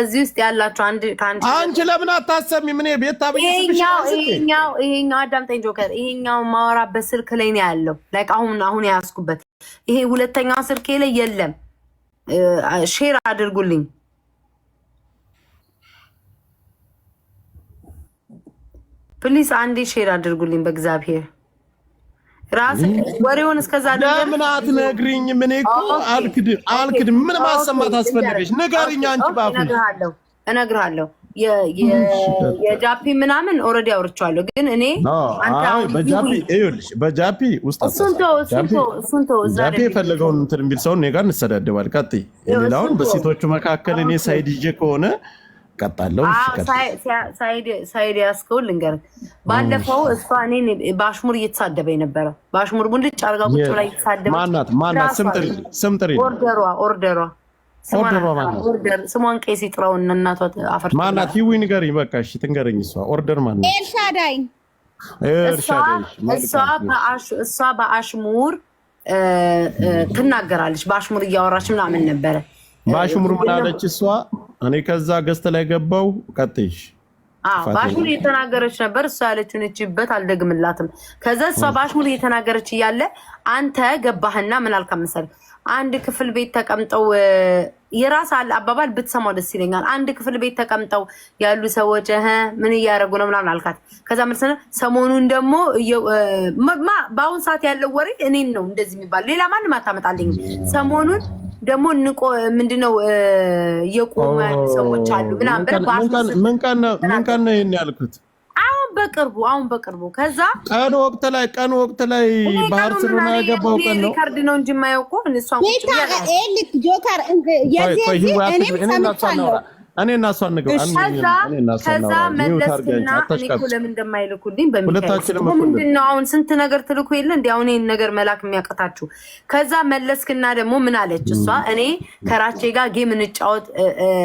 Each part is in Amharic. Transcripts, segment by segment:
እዚህ ውስጥ ያላችሁ አንድ ከአንድ አንቺ ለምን አታሰሚ? ምን ቤት ቤታ ይሄኛው ይሄኛው አዳምጠኝ ጆከር፣ ይሄኛው ማወራበት ስልክ ላይ ነው ያለው። ላይ አሁን አሁን የያዝኩበት ይሄ ሁለተኛው ስልኬ ላይ የለም። ሼር አድርጉልኝ። ፕሊስ አንዴ ሼር አድርጉልኝ በእግዚአብሔር ራስህ ወሬውን እስከዛ ለምን አትነግሪኝም? ምን እኮ አልክድ አልክድ ምን ማሰማት አስፈልገሽ? ንገሪኝ አንቺ ባፍ። እነግርሃለሁ እነግርሃለሁ። የጃፒ ምናምን ኦልሬዲ አውርቼዋለሁ፣ ግን እኔ በጃፒ ይኸውልሽ፣ በጃፒ ውስጥ ጃፒ የፈለገውን እንትን የሚል ሰውን እኔ ጋር እንሰዳደባል። ቀጥይ። ሌላውን በሴቶቹ መካከል እኔ ሳይድ ይዤ ከሆነ ቀጣለው ሳይድ ያስከውን ልንገርህ። ባለፈው እሷ እኔን በአሽሙር እየተሳደበኝ ነበረ። በአሽሙር ጉንድጭ አርጋ ቁጭ ላይ እየተሳደበኝ ማናት ማናት ስም ጥሪ ኦርደሯ ኦርደሯ ስሟን ቄስ ይጥራውን እናቷ አፈር ማናት ይዊ ንገሪኝ። በቃ እሺ ትንገረኝ። እሷ ኦርደር ማናት? ኤልሻዳይ እሷ በአሽሙር ትናገራለች። በአሽሙር እያወራች ምናምን ነበረ። በአሽሙር ምናለች እሷ እኔ ከዛ ገዝተ ላይ ገባው ቀጥሽ ባሽሙል እየተናገረች ነበር። እሷ ያለችውን እችበት አልደግምላትም። ከዛ እሷ ባሽሙል እየተናገረች እያለ አንተ ገባህና ምን አልካ መሰለህ አንድ ክፍል ቤት ተቀምጠው የራስ አባባል ብትሰማው ደስ ይለኛል። አንድ ክፍል ቤት ተቀምጠው ያሉ ሰዎች ምን እያደረጉ ነው ምናምን አልካት። ከዛ መልስ ሰሞኑን ደግሞ በአሁን ሰዓት ያለው ወሬ እኔን ነው እንደዚህ የሚባል ሌላ ማንም አታመጣልኝ። ሰሞኑን ደግሞ ንቆ ምንድነው የቆሙ ያሉ ሰዎች አሉ ምናምን። ምን ቀን ነው ይሄን ያልኩት? በቅርቡ አሁን በቅርቡ ከዛ ቀን ወቅት ላይ ቀን ወቅት ላይ ባህር ባርሴሎና የገባው ቀን ነው። ሪካርድ ነው እንጂ የማያውቁ እኔ እና እሷ እንግባ። ከዛ መለስና እኮ እንደማይልኩልኝ በሚታያችሁ አሁን ስንት ነገር ትልኩ የለ እንዲ አሁን ይህን ነገር መላክ የሚያቀታችሁ። ከዛ መለስክና ደግሞ ምን አለች እሷ? እኔ ከራቼ ጋር ጌም እንጫወት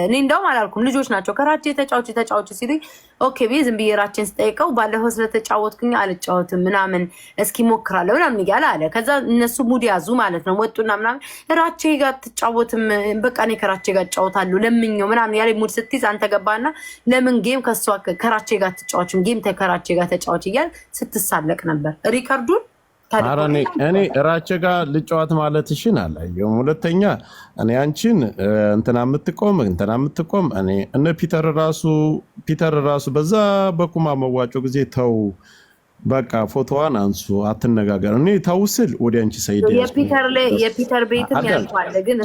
እኔ እንደውም አላልኩም ልጆች ናቸው ከራቼ ተጫዎች ተጫዎች ሲሉኝ ኦኬ ብዬ ዝም ብዬ ራችን ስጠይቀው ባለፈው ስለተጫወትኩኝ አልጫወትም ምናምን እስኪ ሞክራለሁ ምናምን እያለ አለ። ከዛ እነሱ ሙድ ያዙ ማለት ነው። ወጡና ምናምን ራቼ ጋር ትጫወትም በቃ እኔ ከራቼ ጋር እጫወታለሁ ለምኛው ምናምን ያለ ሙድ ስትይዝ አንተ ገባና ለምን ጌም ከሷ ከራቼ ጋር ትጫወችም ጌም ከራቼ ጋር ተጫወች እያል ስትሳለቅ ነበር ሪከርዱን እኔ እራቸ ጋር ልጨዋት ማለት እሽን አላየሁም። ሁለተኛ እኔ አንቺን እንትና የምትቆም እንትና የምትቆም እኔ እነ ፒተር ራሱ ፒተር ራሱ በዛ በኩማ መዋጮ ጊዜ ተው በቃ ፎቶዋን አንሱ አትነጋገር። እኔ ተው ስል ወደ አንቺ ሰይድ የፒተር ቤትም ያልኳለ ግን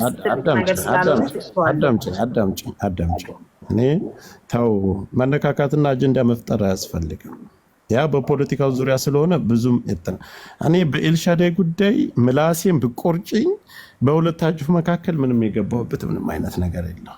እኔ ተው መነካካትና አጀንዳ መፍጠር አያስፈልግም። ያ በፖለቲካው ዙሪያ ስለሆነ ብዙም እንትን እኔ በኤልሻዳይ ጉዳይ ምላሴን ብቆርጭኝ በሁለታችሁ መካከል ምንም የገባሁበት ምንም አይነት ነገር የለው።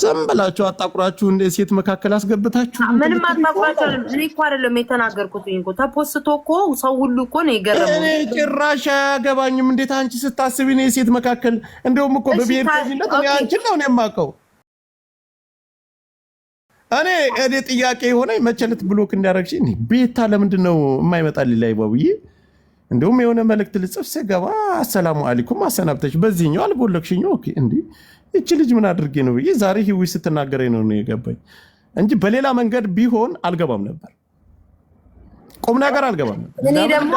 ዝም ብላችሁ አጣቁራችሁ እንደ ሴት መካከል አስገብታችሁ ምንም አታቁራችሁም። እኔ እኮ አይደለም የተናገርኩት እኮ ተፖስቶ እኮ ሰው ሁሉ እኮ ነው የገረመው። ጭራሽ አያገባኝም። እንዴት አንቺ ስታስብ ነው የሴት መካከል እንደውም እኮ በብሔርተኝነት አንቺን ነው ነው የማውቀው እኔ እኔ ጥያቄ የሆነ መቸለት ብሎክ እንዲያደረግሽ ቤታ ለምንድን ነው የማይመጣልኝ? ላይ ባቡዬ እንዲሁም የሆነ መልእክት ልጽፍ ስገባ አሰላሙ አሊኩም አሰናብተች በዚህኛው አልቦለክሽኝ። ኦኬ እንዲ እቺ ልጅ ምን አድርጌ ነው ብዬ ዛሬ ህዊ ስትናገረ ነው ነው የገባኝ እንጂ በሌላ መንገድ ቢሆን አልገባም ነበር። ቁም ነገር አልገባም ነበር። እኔ ደግሞ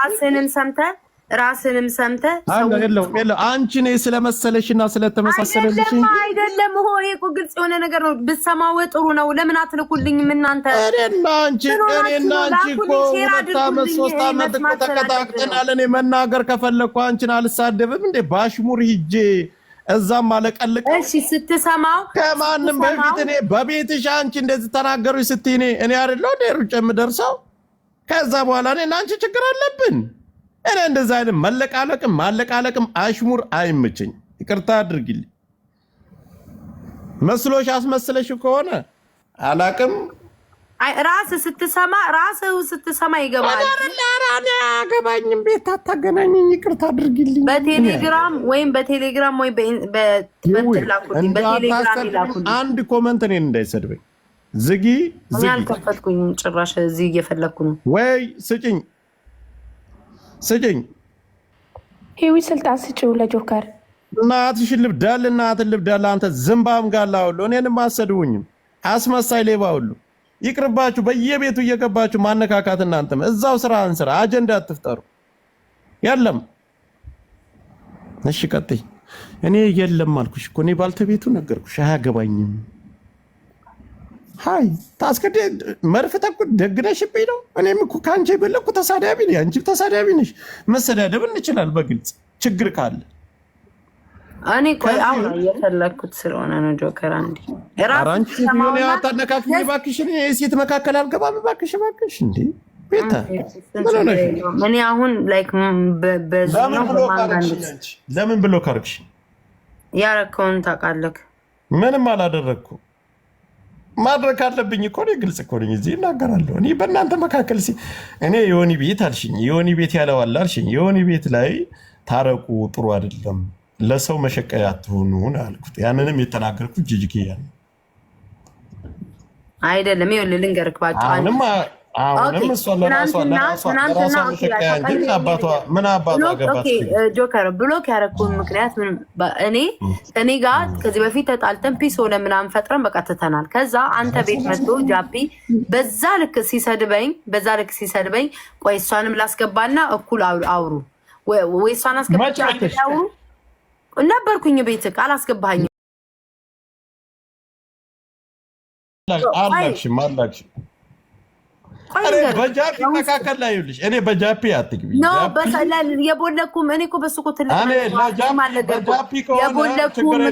ራስህንም ሰምተህ ራስንም ሰምተ አንቺ ነ ስለመሰለሽ እና ስለተመሳሰለልሽ አይደለም። ሆይ እኮ ግልጽ የሆነ ነገር ነው። ብትሰማው ጥሩ ነው። ለምን አትልኩልኝም እናንተ? እኔና አንቺ እኔና አንቺ እኮ ሁለት አመት ሶስት አመት እኮ ተቀጣቅጠናል። እኔ መናገር ከፈለግኩ አንቺን አልሳደብም እንዴ ባሽሙር ሂጄ እዛም አለቀልቅ። እሺ ስትሰማው ከማንም በፊት እኔ በቤትሽ አንቺ እንደዚህ ተናገሩ ስትይኔ እኔ እኔ አይደለሁ ሩጬ የምደርሰው። ከዛ በኋላ እኔና አንቺ ችግር አለብን እኔ እንደዛ አይነት መለቃለቅም ማለቃለቅም አሽሙር አይምችኝ። ይቅርታ አድርግልኝ። መስሎሽ አስመስለሽ ከሆነ አላቅም። ራስ ስትሰማ ራስ ስትሰማ ይገባል። አያገባኝም። ቤት አታገናኝኝ። ይቅርታ አድርግልኝ። በቴሌግራም ወይም በቴሌግራም ወይ አንድ ኮመንት እኔን እንዳይሰድበኝ ዝጊ። ዝጊ አልከፈትኩኝም ጭራሽ። እዚህ እየፈለግኩ ነው ወይ ስጭኝ ስጭኝ። ሂዊ ስልጣን ስጭው ለጆከር። እናትሽን ልብዳል፣ እናትን ልብዳል። አንተ ዝንባም ጋላ ሁሉ እኔንም አሰድቡኝም፣ አስመሳይ ሌባ ሁሉ ይቅርባችሁ። በየቤቱ እየገባችሁ ማነካካት። እናንተም እዛው ስራ እንስራ፣ አጀንዳ አትፍጠሩ። የለም እሺ፣ ቀጥይ። እኔ የለም አልኩሽ እኮ እኔ ባልተቤቱ ነገርኩሽ፣ አያገባኝም ሀይ ታስከደ መርፍ ተኩ ደግነሽብኝ ነው። እኔም እኮ ከአንቺ የበለኩ ተሳዳቢ ነኝ፣ አንቺም ተሳዳቢ ነሽ። መሰዳደብ እንችላል በግልጽ ችግር ካለ እኔ ቆይ አሁን እየፈለግኩት ስለሆነ ነው። ጆከር የሴት መካከል አልገባም። ባክሽ ቤታ እኔ አሁን ላይክ ለምን ብሎ ካርግሽ ያረከውን ታውቃለህ። ምንም አላደረግኩም ማድረግ አለብኝ እኮ እኔ ግልጽ እኮ ነኝ፣ እዚህ እናገራለሁ። እኔ በእናንተ መካከል እኔ የሆኒ ቤት አልሽኝ፣ የሆኒ ቤት ያለዋል አልሽኝ፣ የሆኒ ቤት ላይ ታረቁ፣ ጥሩ አይደለም፣ ለሰው መሸቀያ አትሆኑ አልኩት። ያንንም የተናገርኩት ጅጅግ ነው አይደለም። ይኸውልህ ልንገርህ ጆከር ብሎክ ያደረኩን ምክንያት እኔ እኔ ጋ ከዚህ በፊት ተጣልተን ፒስ ሆነ ምናምን ፈጥረን በቃ ትተናል። ከዛ አንተ ቤት መጥቶ ጃፒ በዛ ልክ ሲሰድበኝ በዛ ልክ ሲሰድበኝ፣ ቆይ እሷንም ላስገባና እኩል አውሩ ወይ እሷን አስገባች ነበርኩኝ ቤት ቃል አስገባኝ በጃፒ መካከል ላይ ይኸውልሽ፣ እኔ በጃፒ አትግቢ። የቦለኩም እኔ እኮ በሱ እኮ ትልቅ ችግር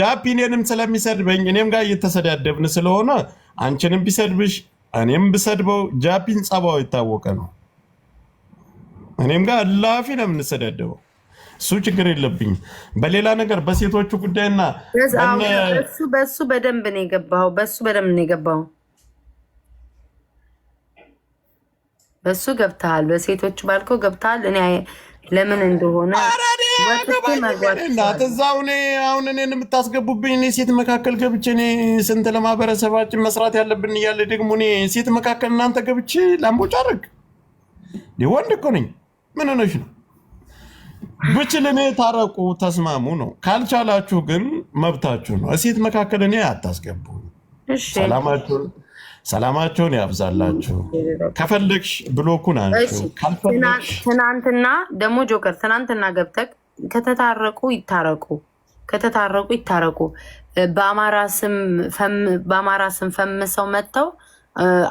ጃፒ እኔንም ስለሚሰድበኝ እኔም ጋር እየተሰዳደብን ስለሆነ አንቺንም ቢሰድብሽ እኔም ብሰድበው ጃፒን ጸባው የታወቀ ነው። እኔም ጋር ላፊ ነው የምንሰዳደበው። እሱ ችግር የለብኝ። በሌላ ነገር በሴቶቹ ጉዳይና በሱ በደንብ ነው የገባው። በሱ በደንብ ነው የገባው። በሱ ገብተሃል፣ በሴቶች ባልኮ ገብተሃል። እኔ ለምን እንደሆነ እናት እዛው እኔ አሁን እኔን የምታስገቡብኝ እኔ ሴት መካከል ገብቼ እኔ ስንት ለማህበረሰባችን መስራት ያለብን እያለ ደግሞ እኔ ሴት መካከል እናንተ ገብቼ ላምቦች አድርግ። ወንድ እኮ ነኝ። ምን ሆነሽ ነው? ብችል እኔ ታረቁ፣ ተስማሙ ነው። ካልቻላችሁ ግን መብታችሁ ነው። ሴት መካከል እኔ አታስገቡ። ሰላማችሁን ሰላማቸውን ያብዛላችሁ። ከፈለግሽ ብሎኩን አንቺ ትናንትና ደግሞ ጆከር ትናንትና ገብተህ ከተታረቁ ይታረቁ፣ ከተታረቁ ይታረቁ። በአማራ ስም ፈምሰው መጥተው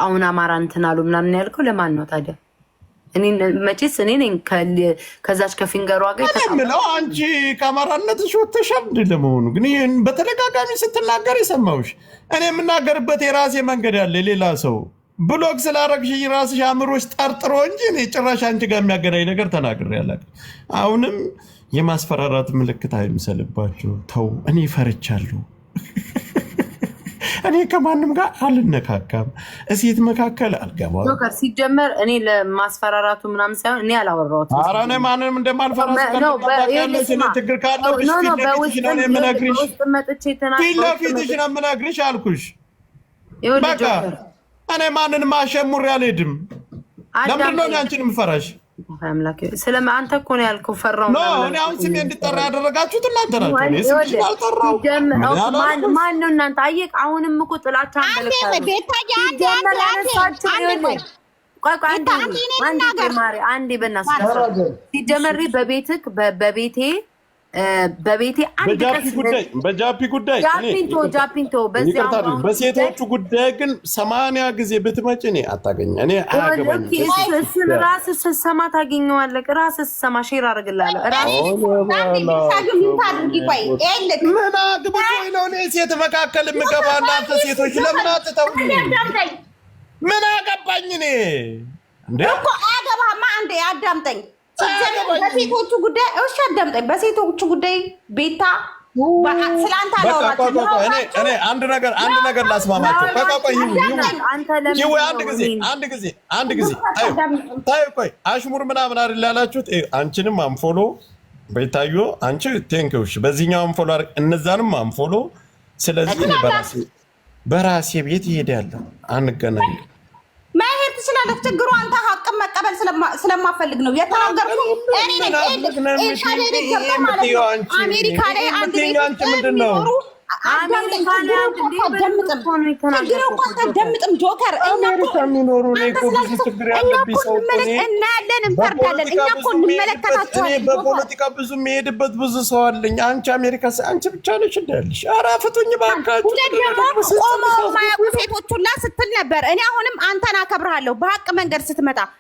አሁን አማራ እንትን አሉ ምናምን ያልከው ለማን ነው ታዲያ? መቼስ እኔ ነኝ ከዛች ከፊንገሩ ጋር ብለው አንቺ ከአማራነትሽ ወጥተሽ አብድ ለመሆኑ ግን በተደጋጋሚ ስትናገር የሰማሁሽ እኔ የምናገርበት የራሴ መንገድ ያለ ሌላ ሰው ብሎግ ስላረግሽ ራስሽ አእምሮሽ ጠርጥሮ እንጂ እኔ ጭራሽ አንቺ ጋር የሚያገናኝ ነገር ተናግር አላውቅም። አሁንም የማስፈራራት ምልክት አይምሰልባቸው። ተው፣ እኔ ፈርቻለሁ። እኔ ከማንም ጋር አልነካካም፣ እሴት መካከል አልገባም። ሲጀመር እኔ ለማስፈራራቱ ምናምን ሳይሆን እኔ አላወራሁትም። ኧረ እኔ ማንንም እንደማልፈራ ችግር ካለው ፊት ለፊትሽ ነው የምነግርሽ አልኩሽ። በቃ እኔ ማንንም አሸሙሬ አልሄድም። ለምንድን ነው አንቺን የምፈራሽ? ስለም አንተ እኮ ነው ያልከው። ፈራው እኔ አሁን ስሜ እንድጠራ ያደረጋችሁት እናንተ ማን ነው እናንተ? አየህ አሁንም እኮ ጥላቻ አንዴ በእናትህ በቤትህ በቤቴ በቤቴ አንድ በጃፒ ጉዳይ ጃፒንቶ ጃፒንቶ በሴቶቹ ጉዳይ ግን ሰማንያ ጊዜ ብትመጭ እኔ አታገኝ እኔ አያገባኝም። ራስህ ስትሰማ ታገኘዋለህ። ራስህ ስትሰማ ሼር አደርግልሃለሁ። ሴት መካከል የምገባ? እናንተ ሴቶች ለምን አትተው? ምን አገባኝ እኔ እኮ አያገባህማ። አንዴ አዳምጠኝ በሴቶቹ ጉዳይ እሺ፣ አዳምጠኝ። በሴቶቹ ጉዳይ ቤታ ስለአንተ አንድ ነገር አንድ ነገር ላስማማቸው። አንድ ጊዜ አንድ ጊዜ ታይ ቆይ አሽሙር ምናምን አይደል ያላችሁት? አንቺንም አንፎሎ ቤታዮ፣ አንቺ ቴንክሽ በዚህኛው አንፎሎ፣ እነዛንም አንፎሎ። ስለዚህ በራሴ ቤት ይሄዳለሁ፣ አንገናኝ ትችላለህ። ችግሩ አንተ ሀቅን መቀበል ስለማፈልግ ነው የተናገርኩት። እኔ ነኝ ማለት ነው አሜሪካ ላይ አንድ ቤት የሚኖሩ አታደምጥም ጆከር። እኛ እኮ እናያለን፣ እንፈርዳለን። እኛ እኮ እንመለከታቸዋለን። በፖለቲካ ብዙ የሚሄድበት ብዙ ሰው አለኝ። አንቺ አሜሪካ አንቺ ብቻ ነሽ እንዳለሽ። ኧረ ፍቱኝ እባካችሁ። ደግሞ ቆመው የማያውቁ ሴቶች ስትል ነበር። እኔ አሁንም አንተን አከብርሃለሁ በሀቅ መንገድ ስትመጣ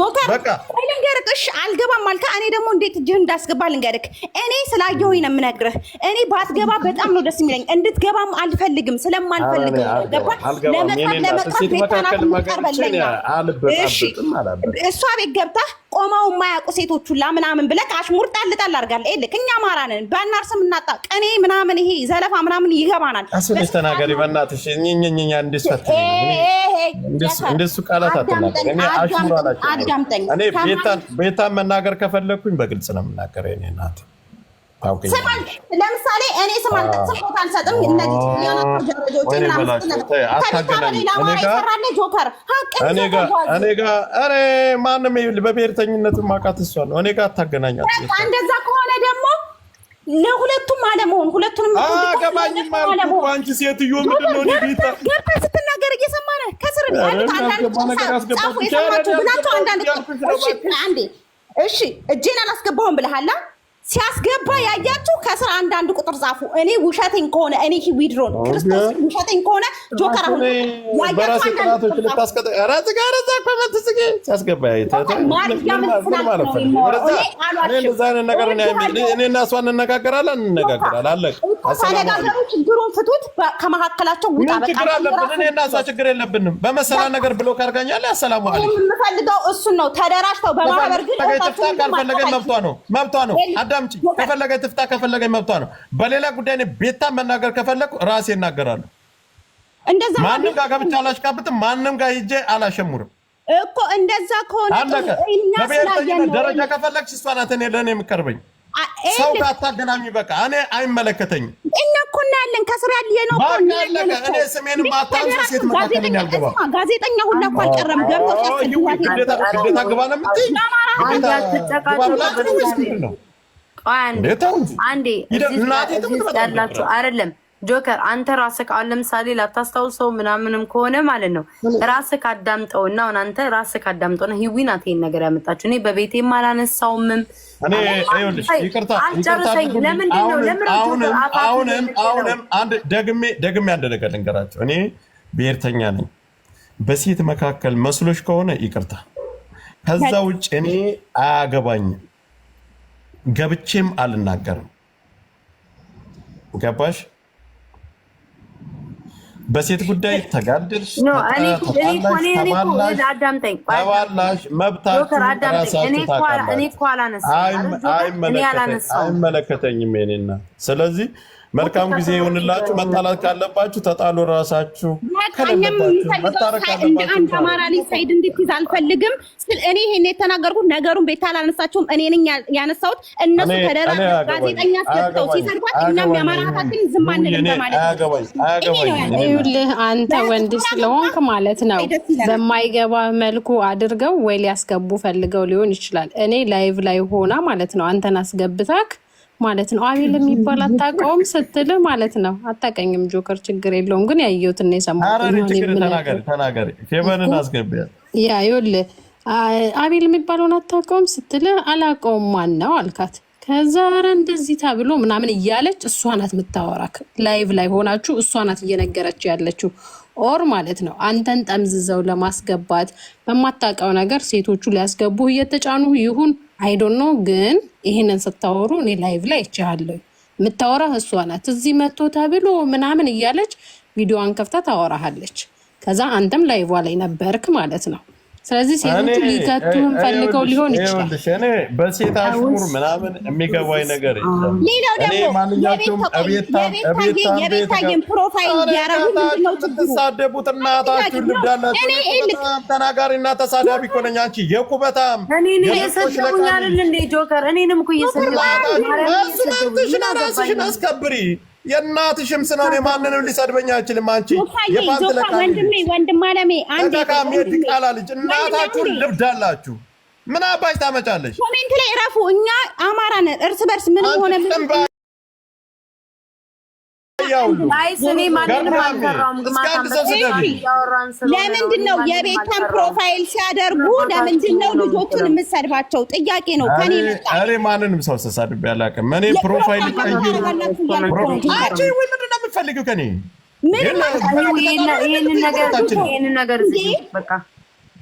ሞተር ልንገርህ። እሺ አልገባም አልከ። እኔ ደግሞ እንዴት እጅህ እንዳስገባ ልንገርህ። እኔ ስላየሁኝ ነው የምነግርህ። እኔ ባትገባ በጣም ነው ደስ የሚለኝ። እንድትገባም አልፈልግም ስለማልፈልግ እሷ ቤት ገብታ ቆመው የማያውቁ ሴቶች ሁላ ምናምን ብለህ አሽሙር ጣል ጣል አድርጋለህ። ልክ እኛ አማራንን ባናር ስም እናጣ ቀኔ ምናምን ይሄ ዘለፋ ምናምን ይገባናል። አስልሽ ተናገሪ በእናትሽ እንደሱ ቃላት አትናገር። አላቸው አዳምጠኝ። ቤታን መናገር ከፈለግኩኝ በግልጽ ነው የምናገረው። ኔ ናት ለምሳሌ እኔ ስም አልጠቅስም፣ ቦታ አልሰጥም። እነዚህ ጆከር ማንም በብሔርተኝነት ማቃት እሷ ነው። እኔ ጋር አታገናኛት። እንደዛ ለሁለቱም አለመሆን ሁለቱንም አገባኝ ሴትዮ ገብተህ ስትናገር ከስር ብላቸው አንዳንድ እሺ እጄን አላስገባሁም ብለሃላ ሲያስገባ ያያችሁ ከስር አንዳንድ ቁጥር ጻፉ። እኔ ውሸቴን ከሆነ እኔ ዊድሮን ክርስቶስ ውሸቴን ከሆነ ጆከር አሁን እኔና እሷ እንነጋገራለን ችግሩን ፍቱት፣ ከመካከላቸው ውጣ። ችግር አለብን ችግር የለብንም። በመሰላ ነገር ብሎ ካርጋኛለ አሰላሙ አለይኩም የምፈልገው እሱን ነው። ተደራጅተው በማህበር ግን መብቷ ነው መብቷ ነው። አዳምጪ። ከፈለገ ትፍታ፣ ከፈለገ መብቷ ነው። በሌላ ጉዳይ ቤታ መናገር ከፈለግኩ ራሴ እናገራለሁ። ማንም ጋር ገብቼ አላሽቃብጥም። ማንም ጋር ሂጄ አላሸሙርም እኮ እንደዛ ከሆነ ደረጃ ከፈለግሽ እሷ ናት እኔ ለእኔ የምቀርበኝ ሰው ጋር አታገናኝ። በቃ እኔ አይመለከተኝም። እና እኮ እናያለን ከስራ ያለ ነው ስሜን ማታንሱ ሴት መካከለኛ አልገባ ጋዜጠኛ ሁላ እኮ አልቀረም ገብቶ ግዴታ ግባ ነው ምት ግባ ብላ ነው አይደለም ጆከር አንተ ራስህ አሁን ለምሳሌ ላታስታውሰው ምናምንም ከሆነ ማለት ነው ራስህ አዳምጠው እና አሁን አንተ ራስህ አዳምጠው ነው ሂዊ ናት ይሄን ነገር ያመጣችሁ። እኔ በቤቴም አላነሳውምም። አሁንም አሁንም አንድ ደግሜ ደግሜ አንድ ነገር ልንገራቸው። እኔ ብሔርተኛ ነኝ። በሴት መካከል መስሎች ከሆነ ይቅርታ። ከዛ ውጭ እኔ አያገባኝም። ገብቼም አልናገርም። ገባሽ? በሴት ጉዳይ ተጋደልሽ፣ ተባላሽ፣ መብታችሁ ራሳችሁ ታውቃላችሁ። አይመለከተኝም ኔና ስለዚህ መልካም ጊዜ ይሆንላችሁ። መጣላት ካለባችሁ ተጣሉ ራሳችሁ። አንድ አማራ ልጅ ሳይድ እንድትይዝ አልፈልግም። እኔ ይሄን የተናገርኩት ነገሩን ቤታ አላነሳችሁም፣ እኔ ነኝ ያነሳሁት። እነሱ ተደራ ጋዜጠኛ አስገብተው ሲሰርባት እኛም የአማራ ሀታችን ዝም አንልም ማለት ነው። ይኸውልህ አንተ ወንድ ስለሆንክ ማለት ነው በማይገባ መልኩ አድርገው ወይ ሊያስገቡ ፈልገው ሊሆን ይችላል። እኔ ላይቭ ላይ ሆና ማለት ነው አንተን አስገብታክ ማለት ነው። አቤል የሚባል አታውቀውም ስትል ማለት ነው። አታውቀኝም ጆከር፣ ችግር የለውም ግን ያየሁትና የሰማሁት አቤል የሚባለውን አታውቀውም ስትል አላውቀውም ማን ነው አልካት። ከዛ ኧረ እንደዚህ ተብሎ ምናምን እያለች እሷ ናት የምታወራክ። ላይቭ ላይ ሆናችሁ እሷ ናት እየነገረች ያለችው ኦር ማለት ነው አንተን ጠምዝዘው ለማስገባት በማታውቀው ነገር ሴቶቹ ሊያስገቡህ እየተጫኑ ይሁን አይዶኖ ግን ይህንን ስታወሩ እኔ ላይቭ ላይ ይቻለሁ። የምታወራ እሷ ናት። እዚህ መቶ ተብሎ ምናምን እያለች ቪዲዮዋን ከፍታ ታወራሃለች። ከዛ አንተም ላይቭ ላይ ነበርክ ማለት ነው። ስለዚህ ሴቶቹ ሊከቱህም ፈልገው ሊሆን ይችላል። እኔ በሴት አሽሙር ምናምን የሚገባኝ ነገር የለም። ሌላው ደግሞ የቤታየን ፕሮፋይል እያደረጉ ምንድን ትሳደቡት? እናታችሁ ልብዳላችሁ። ተናጋሪ እና ተሳዳቢ እኮ ነኝ። አንቺ ጆከር እኔንም እኮ እየሰደቡኝ እራስሽን አስከብሪ የእናትሽም ስለሆነ ማንንም ሊሰድበኝ አይችልም። አንቺ ወንድም አለሜ አንድቃም የድቃላ ልጅ እናታችሁን ልብዳላችሁ። ምን አባሽ ታመጫለሽ? ኮሜንት ላይ እረፉ። እኛ አማራ ነን እርስ በርስ ምን ሆነ ለምንድን ነው የቤታን ፕሮፋይል ሲያደርጉ ለምንድን ነው ልጆቹን የምሰድባቸው? ጥያቄ ነው ከኔ እኔ ማንንም ሰው ተሳድቤ አላውቅም። እኔ ፕሮፋይል ቀይሩ። አንቺ ከኔ? ምን ይሄንን ነገር በቃ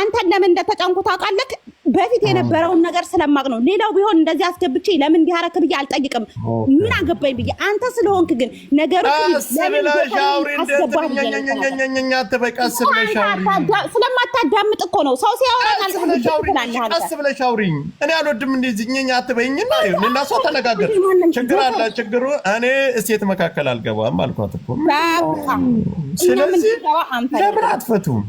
አንተን ለምን እንደተጫንኩ ታውቃለህ? በፊት የነበረውን ነገር ስለማቅ ነው። ሌላው ቢሆን እንደዚህ አስገብቼ ለምን እንዲያረክ ብዬ አልጠይቅም። ምን አገባኝ ብዬ አንተ ስለሆንክ ግን ነገሩስለማታዳምጥ እኮ ነው። ሰው ሲያወራ ቀስ ብለሽ አውሪኝ። እኔ አልወድም እንደዚህ እኛ አትበይኝና እና ሰው ተነጋገር ችግር አለ ችግሩ እኔ እሴት መካከል አልገባም አልኳት እኮ ስለዚህ ለምን አትፈቱም?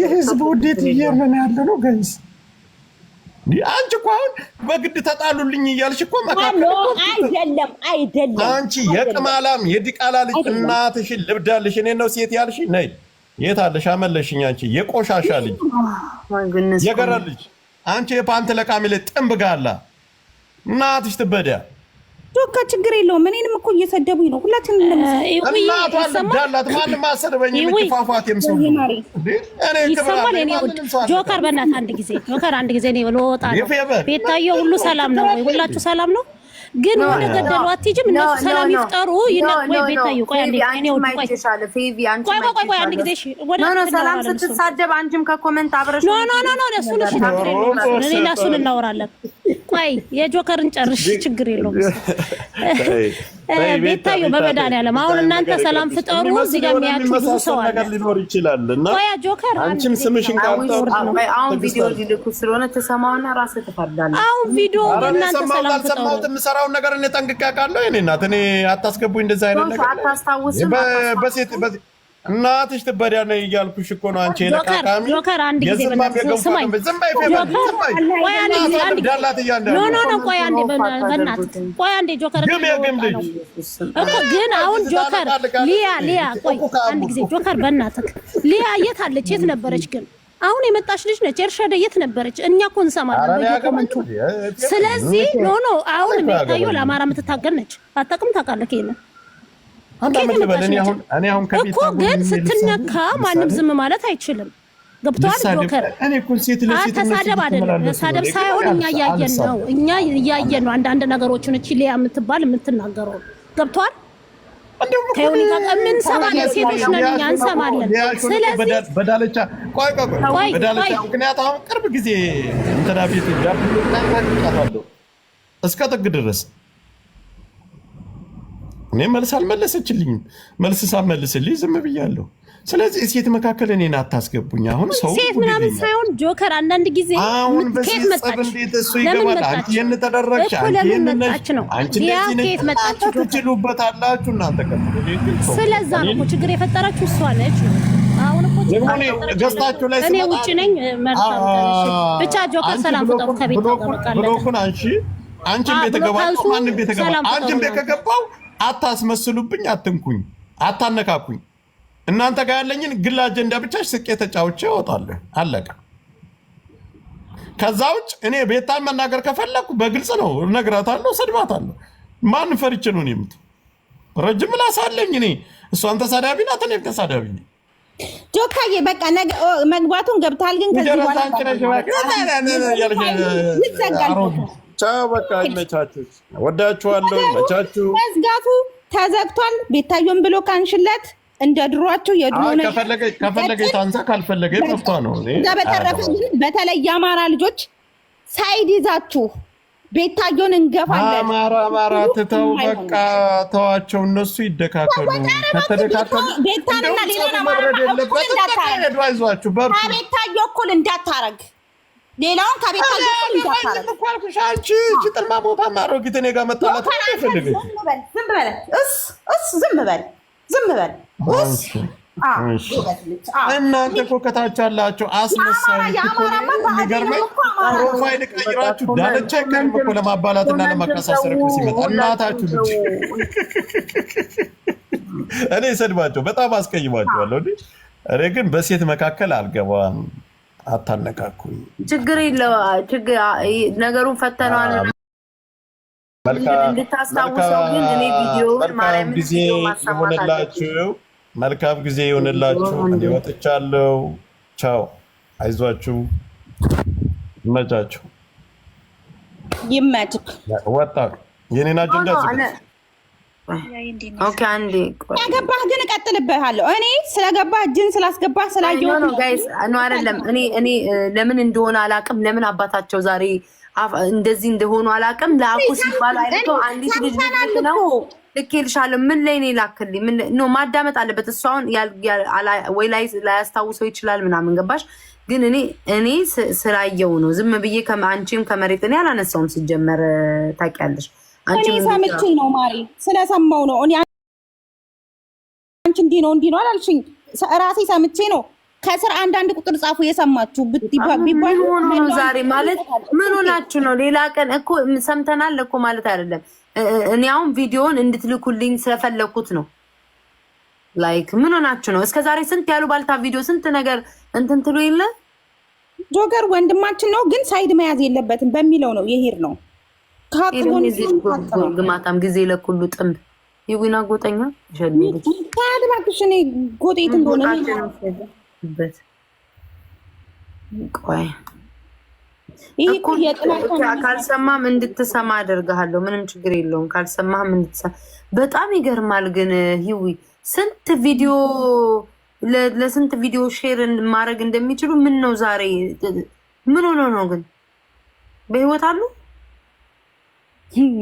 የህዝብ ውዴት እየሆነ ያለ ነው ገይስ አንቺ እኮ አሁን በግድ ተጣሉልኝ እያልሽ እኮ አይደለም፣ አይደለም። አንቺ የቅማላም የዲቃላ ልጅ እናትሽን ልብዳልሽ እኔ ነው ሴት ያልሽ ነይ። የት አለሽ? አመለሽኝ። አንቺ የቆሻሻ ልጅ፣ የገረድ ልጅ፣ አንቺ የፓንት ለቃሚ ላይ ጥንብ ጋላ እናትሽ ትበዳ ዶካ ችግር የለውም። እኔንም እኮ እየሰደቡኝ ነው። ሁላችን አንድ ጊዜ ጆከር አንድ ጊዜ ቤታየው ሁሉ ሰላም ነው ሁላችሁ ሰላም ነው? ግን ወደ ገደሉ አትሄጂም። እነሱ ሰላም ይፍጠሩ። ቆይ አንድ ሰላም ስትሳደብ አንቺም ከኮመንት አብረሽ ሌላ እሱን እናወራለን። ቆይ የጆከርን ጨርሽ፣ ችግር የለውም ቤታዩ በመድኃኒዓለም አሁን እናንተ ሰላም ፍጠሩ። እዚህ ጋር የሚያችሁ ብዙ ሰው አለ ሊኖር ይችላል እና ጆከር አንቺም ስምሽን አሁን ቪዲዮ ሊልኩ ስለሆነ ተሰማውና ራስህ ትፈርዳለህ። አሁን ቪዲዮ እናንተ ሰላም ፍጠሩ የምሰራውን ነገር እኔ ጠንቅቄ አውቃለሁ። የእኔ እናት እኔ አታስገቡኝ እንደዚህ አይነት ነገር በሴት እናትሽ ትበዳነ እያልኩሽ እኮ ነው። አንቺ የለቃቃሚ ግን አሁን ጆከር ሊያ ሊያ ቆይ አንድ ጊዜ ጆከር በእናትህ ሊያ የት አለች? የት ነበረች ግን አሁን የመጣች ልጅ ነች። ኤርሻደ የት ነበረች? እኛ እኮ እንሰማለን በየኮመንቱ። ስለዚህ ኖ ኖ አሁን የሚታየው ለአማራ የምትታገል ነች። አታውቅም፣ ታውቃለች። ይሄንን እኮ ግን ስትነካ ማንም ዝም ማለት አይችልም። ገብተዋል። ጆከር ተሳደብ አይደለም ተሳደብ ሳይሆን እኛ እያየን ነው፣ እኛ እያየን ነው አንዳንድ ነገሮችን እቺ ሊያ የምትባል የምትናገረው ገብተዋል። እንሰማለን፣ ሴቶች ቅርብ ጊዜ እንትና ቤት እስከ ጥግ ድረስ እኔ መልስ አልመለሰችልኝም። መልስ ሳመልስልኝ ዝም ብያለሁ። ስለዚህ ሴት መካከል እኔን አታስገቡኝ። አሁን ሰው ሴት ምናምን ሳይሆን ጆከር አንዳንድ ጊዜ አሁን በሴት ጸብ እንዴት እሱ ይገባል? አንቺ ይህን ተደረግሽ፣ አንቺ መጣች ነው ኬት መጣች ትችሉበት አላችሁ እናንተ። ስለዛ ነው ችግር የፈጠራችሁ እሷ ነች። አሁን ገዝታችሁ ላይ እኔ ውጭ ነኝ። መርታ ብቻ ጆከር ሰላም ፍጠሩ። ከቤት ብሎኩን አንቺ አንቺም ቤት ገባ ማንም ቤት ገባ አንቺም ቤት ከገባው አታስመስሉብኝ፣ አትንኩኝ፣ አታነካኩኝ እናንተ ጋር ያለኝን ግል አጀንዳ ብቻ ስቄ ተጫውቼ እወጣለሁ። አለቀ። ከዛ ውጭ እኔ ቤታን መናገር ከፈለግኩ በግልጽ ነው እነግራታለሁ፣ ሰድባታለሁ። ማን ፈርች ነው የምት ረጅም ምላስ አለኝ እኔ። እሷን ተሳዳቢ ናት፣ እኔም ተሳዳቢ ነኝ። ጆካዬ በቃ መግባቱን ገብታል። ግን ከዚህ በኋላ በቃ ይመቻችሁ፣ ወዳችኋለሁ። መቻችሁ መዝጋቱ ተዘግቷል። ቤታዮን ብሎ ካንሽለት እንደ ድሯቸው የድሮ ከፈለገች ታንሳ ካልፈለገች መፍቷ ነው። በተረፈ በተለይ የአማራ ልጆች ሳይድ ይዛችሁ ቤታየውን እንገፋለን። አማራ አማራ ትተው በቃ ተዋቸው፣ እነሱ ይደካከሉ። ከተደካከሉ ቤታንና ሌላን አማራ እንዳታረግ፣ ከቤታየ እኩል እንዳታረግ ሌላውን ከቤታየ እኩል እንዳታረግ። ቦታ ማሮጊት እኔ ጋር ዝም በል ዝም በል እናንተ እኮ ከታች አላቸው አስመሳይ ፕሮፋይል ቀይራችሁ ዳለቻ ይቀርም እኮ ለማባላትና ለማቀሳሰር ሲመጣ እናታችሁ ልጅ እኔ ሰድባቸው በጣም አስቀይማቸዋለሁ። እኔ ግን በሴት መካከል አልገባም። አታነቃኩኝ። ችግር የለውም። ነገሩን ፈተነዋል። መልካም መልካም ጊዜ ይሆንላችሁ። እኔ ወጥቻለሁ። ቻው። አይዟችሁ፣ ይመቻችሁ። ይመችክ። ወጣ የኔን አጀንዳ ስለገባህ ግን እቀጥልብሃለሁ። እኔ ስለገባህ እጅን ስላስገባህ ስላየሁ አይደለም። እኔ ለምን እንደሆነ አላውቅም። ለምን አባታቸው ዛሬ እንደዚህ እንደሆኑ አላውቅም። ላኩ ሲባል አይቶ አንዲት ልጅ ነው ልኬልሻለሁ። ምን ላይ ነው ላክልኝ? ምን ማዳመጥ አለበት። እሱ አሁን ወይ ላያስታውሰው ይችላል ምናምን ገባሽ። ግን እኔ እኔ ስላየው ነው ዝም ብዬ አንቺም ከመሬት እኔ አላነሳውም። ሲጀመር ታውቂያለሽ፣ አንቺም ሰምቼ ነው ማሪ፣ ስለሰማው ነው። እኔ አንቺ እንዲህ ነው እንዲህ ነው አላልሽኝ፣ ራሴ ሰምቼ ነው ከስር አንዳንድ ቁጥር ጻፉ። የሰማችሁ ቢባል ዛሬ ማለት ምን ሆናችሁ ነው? ሌላ ቀን እኮ ሰምተናል እኮ ማለት አይደለም። እኔ አሁን ቪዲዮን እንድትልኩልኝ ስለፈለግኩት ነው። ላይክ ምን ሆናችሁ ነው? እስከ ዛሬ ስንት ያሉ ባልታ ቪዲዮ ስንት ነገር እንትን ትሉ የለ ጆገር ወንድማችን ነው ግን ሳይድ መያዝ የለበትም በሚለው ነው የሄድ ነው ግማታም ጊዜ ለኩሉ ጥንብ ይዊና ጎጠኛ ይሸልልኝ ታድማክሽኔ ጎጤት እንደሆነ ያልኩበት ቆይ ይህ እንድትሰማ አደርግሃለሁ። ምንም ችግር የለውም። ካልሰማህም እንድትሰማ በጣም ይገርማል። ግን ሂዊ ስንት ቪዲዮ ለስንት ቪዲዮ ሼር ማድረግ እንደሚችሉ ምን ነው ዛሬ ምን ሆኖ ነው ግን በህይወት አሉ?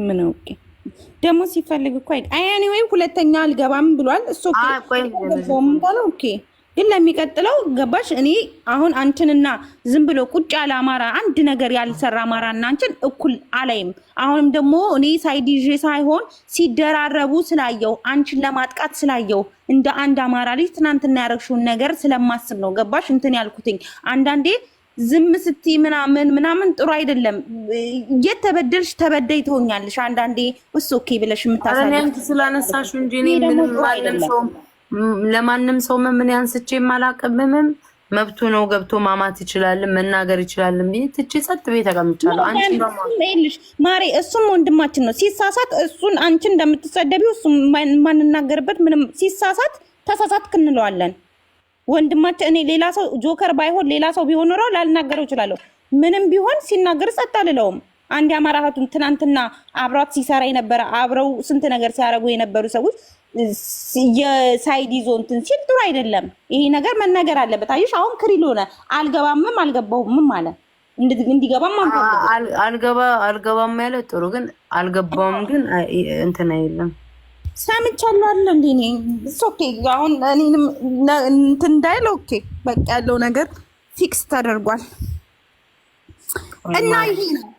ምን አውቄ ደግሞ ሲፈልግ እኮ አይ፣ ኤኒዌይ ሁለተኛ አልገባም ብሏል። እሱ ቆይ ኦኬ ግን ለሚቀጥለው ገባሽ? እኔ አሁን አንችንና ዝም ብሎ ቁጭ ያለ አማራ አንድ ነገር ያልሰራ አማራ እና አንችን እኩል አላይም። አሁንም ደግሞ እኔ ሳይድ ሳይሆን ሲደራረቡ ስላየው አንችን ለማጥቃት ስላየው እንደ አንድ አማራ ልጅ ትናንትና ያረግሽውን ነገር ስለማስብ ነው። ገባሽ? እንትን ያልኩትኝ አንዳንዴ ዝም ስቲ ምናምን ምናምን ጥሩ አይደለም። የት ተበደልሽ ተበደይ ትሆኛለሽ አንዳንዴ። እሱ ኦኬ ብለሽ የምታሳለ ስላነሳሽ እንጂ ምንም ለማንም ሰው ምን ያንስቼ የማላቀብምም መብቱ ነው። ገብቶ ማማት ይችላልም መናገር ይችላልም ብዬ ትቼ ጸጥ ቤት ተቀምጫለሁ። አንቺ ማሪ እሱም ወንድማችን ነው። ሲሳሳት እሱን አንቺ እንደምትሰደቢ እሱ የማንናገርበት ምንም ሲሳሳት ተሳሳት እንለዋለን። ወንድማችን እኔ ሌላ ሰው ጆከር ባይሆን ሌላ ሰው ቢሆን ኖሮ ላልናገረው እችላለሁ። ምንም ቢሆን ሲናገር ጸጥ አልለውም። አንድ አማራ እህቱን ትናንትና አብሯት ሲሰራ የነበረ አብረው ስንት ነገር ሲያደርጉ የነበሩ ሰዎች የሳይድ ይዞ እንትን ሲል ጥሩ አይደለም። ይሄ ነገር መነገር አለበት። አየሽ አሁን ክሪል ሆነ። አልገባምም አልገባውምም አለ እንዲገባም አልገባ አልገባም ያለ ጥሩ ግን አልገባውም ግን እንትን አይደለም ሰምቻለሁ አለ እንዲ ኦኬ። አሁን እኔንም እንትን እንዳይል ኦኬ በቃ ያለው ነገር ፊክስ ተደርጓል እና ይሄ ነው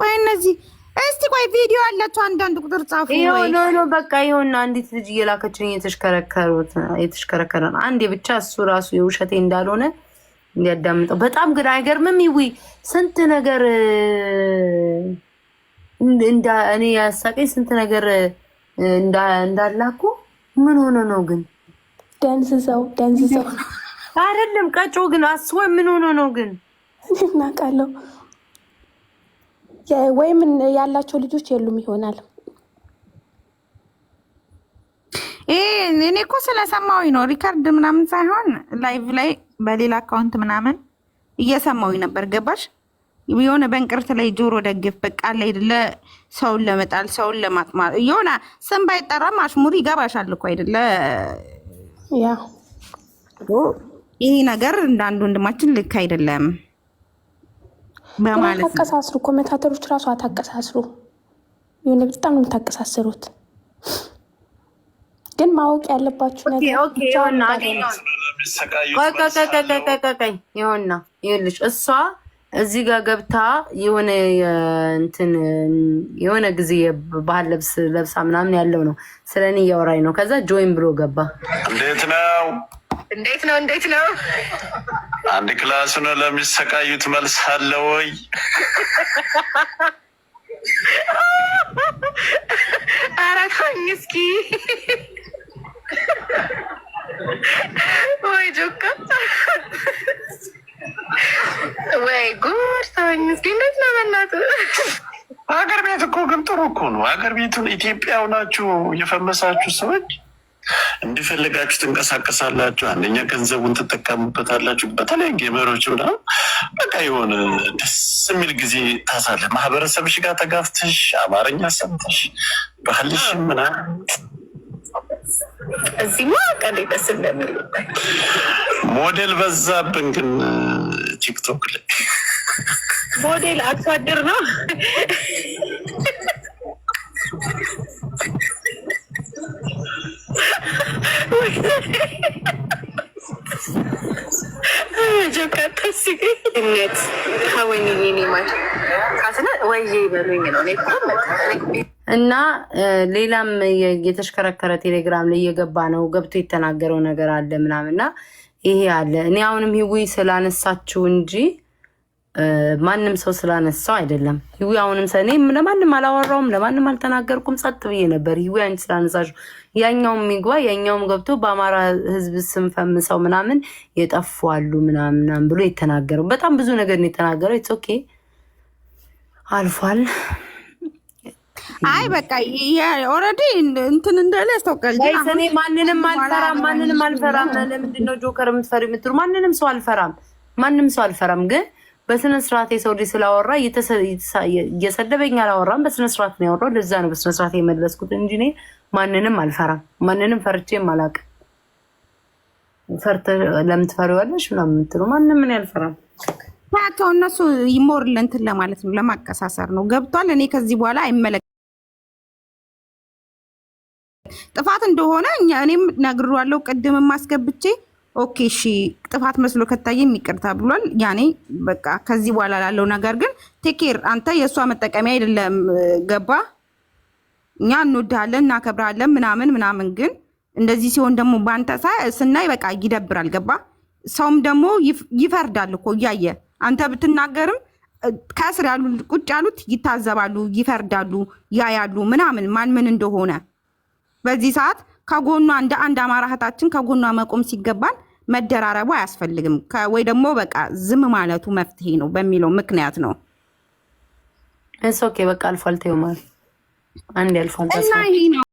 ቆይ እነዚህ እስቲ ቆይ ቪዲዮ አላችሁ። አንዳንድ ቁጥር ጻፉ። ኖ ኖ በቃ ይሁን። አንዲት ልጅ እየላከችን የተሽከረከሩት የተሽከረከረ ነው። አንዴ ብቻ እሱ ራሱ የውሸቴ እንዳልሆነ እንዲያዳምጠው በጣም ግን አይገርምም። ይዊ ስንት ነገር እኔ ያሳቀኝ ስንት ነገር እንዳላኩ ምን ሆኖ ነው ግን ዳንስ ሰው ዳንስ ሰው አይደለም ቀጮ ግን አስወ ምን ሆኖ ነው ግን እናቃለሁ ወይም ያላቸው ልጆች የሉም ይሆናል። እኔ እኮ ስለሰማሁኝ ነው፣ ሪከርድ ምናምን ሳይሆን ላይቭ ላይ በሌላ አካውንት ምናምን እየሰማሁኝ ነበር። ገባሽ? የሆነ በእንቅርት ላይ ጆሮ ደግፍ በቃ ላይ ሰውን ለመጣል ሰውን ለማጥማር የሆነ ስም ባይጠራም አሽሙር ይገባሻል እኮ አይደለ? ይሄ ነገር እንደ አንድ ወንድማችን ልክ አይደለም። አታቀሳስሩ። ኮሜንታተሮች ራሱ አታቀሳስሩ። የሆነ በጣም ነው የምታቀሳስሩት። ግን ማወቅ ያለባችሁ ነገር ይሆና እሷ እዚህ ጋር ገብታ የሆነ እንትን የሆነ ጊዜ የባህል ልብስ ለብሳ ምናምን ያለው ነው እያወራኝ ነው። ከዛ ጆይን ብሎ ገባ። እንዴት ነው እንዴት ነው እንዴት ነው አንድ ክላስ ነው ለሚሰቃዩት መልስ አለ ወይ? ኧረ ተወኝ እስኪ ወይ ጆካ ወይ ጉድ ተወኝ እስኪ እንዴት ነው በእናትህ ሀገር ቤት እኮ ግን ጥሩ እኮ ነው ሀገር ቤቱን ኢትዮጵያው ናችሁ የፈመሳችሁ ሰዎች እንዲፈልጋችሁ ትንቀሳቀሳላችሁ። አንደኛ ገንዘቡን ትጠቀሙበታላችሁ። በተለይ ጌመሮች ምናምን በቃ የሆነ ደስ የሚል ጊዜ ታሳለ። ማህበረሰብሽ ጋር ተጋፍተሽ አማርኛ ሰምተሽ ባህልሽ ምና እዚህማ ቀሌ ደስ እንደሚል ሞዴል በዛብን ግን ቲክቶክ ላይ ሞዴል አርሶ አደር ነው። እና ሌላም የተሽከረከረ ቴሌግራም ላይ እየገባ ነው ገብቶ የተናገረው ነገር አለ ምናምን እና ይሄ አለ እኔ አሁንም ህዊ ስላነሳችው እንጂ ማንም ሰው ስላነሳው አይደለም። ህዊ አሁንም ሰኔ ለማንም አላወራውም፣ ለማንም አልተናገርኩም፣ ጸጥ ብዬ ነበር። ህዊ አንቺ ስላነሳሽ ያኛውም ሚግባ ያኛውም ገብቶ በአማራ ህዝብ ስም ፈምሰው ምናምን የጠፏሉ ምናምናም ብሎ የተናገረው በጣም ብዙ ነገር ነው የተናገረው። ኢትስ ኦኬ አልፏል። አይ በቃ ኦልሬዲ እንትን እንዳለ ያስታውቃል። ሰኔ ማንንም አልፈራም፣ ማንንም አልፈራም። ለምንድነው ጆከር የምትፈሪ የምትሉ? ማንንም ሰው አልፈራም፣ ማንም ሰው አልፈራም ግን በስነስርዓት ስርዓት የሰው ልጅ ስላወራ እየሰደበኝ አላወራም። በስነስርዓት ነው ያወራው። ለዛ ነው በስነስርዓት የመለስኩት እንጂ እኔ ማንንም አልፈራም። ማንንም ፈርቼም አላውቅም። ፈርተ ለምን ትፈሪዋለሽ ምናምን የምትሉ ማንም ምን ያልፈራም። ያተው እነሱ ይሞር ለእንትን ለማለት ነው፣ ለማቀሳሰር ነው። ገብቷል። እኔ ከዚህ በኋላ አይመለክ ጥፋት እንደሆነ እኔም ነግሯለሁ። ቅድም ማስገብቼ ኦኬ እሺ፣ ጥፋት መስሎ ከታየም ይቅርታ ብሏል። ያኔ በቃ ከዚህ በኋላ ላለው ነገር ግን ቴኬር አንተ የእሷ መጠቀሚያ አይደለም። ገባ? እኛ እንወድሃለን እናከብርሃለን ምናምን ምናምን፣ ግን እንደዚህ ሲሆን ደግሞ በአንተ ስናይ በቃ ይደብራል። ገባ? ሰውም ደግሞ ይፈርዳል እኮ እያየ አንተ ብትናገርም ከስር ያሉ ቁጭ ያሉት ይታዘባሉ፣ ይፈርዳሉ፣ ያያሉ ምናምን ማን ምን እንደሆነ በዚህ ሰዓት ከጎኗ እንደ አንድ አማራ እህታችን ከጎኗ መቆም ሲገባል መደራረቡ አያስፈልግም ወይ ደግሞ በቃ ዝም ማለቱ መፍትሄ ነው በሚለው ምክንያት ነው። እስ ኦኬ በቃ አልፏል። ተይው ማለት አንድ ያልፏል እና ይሄ ነው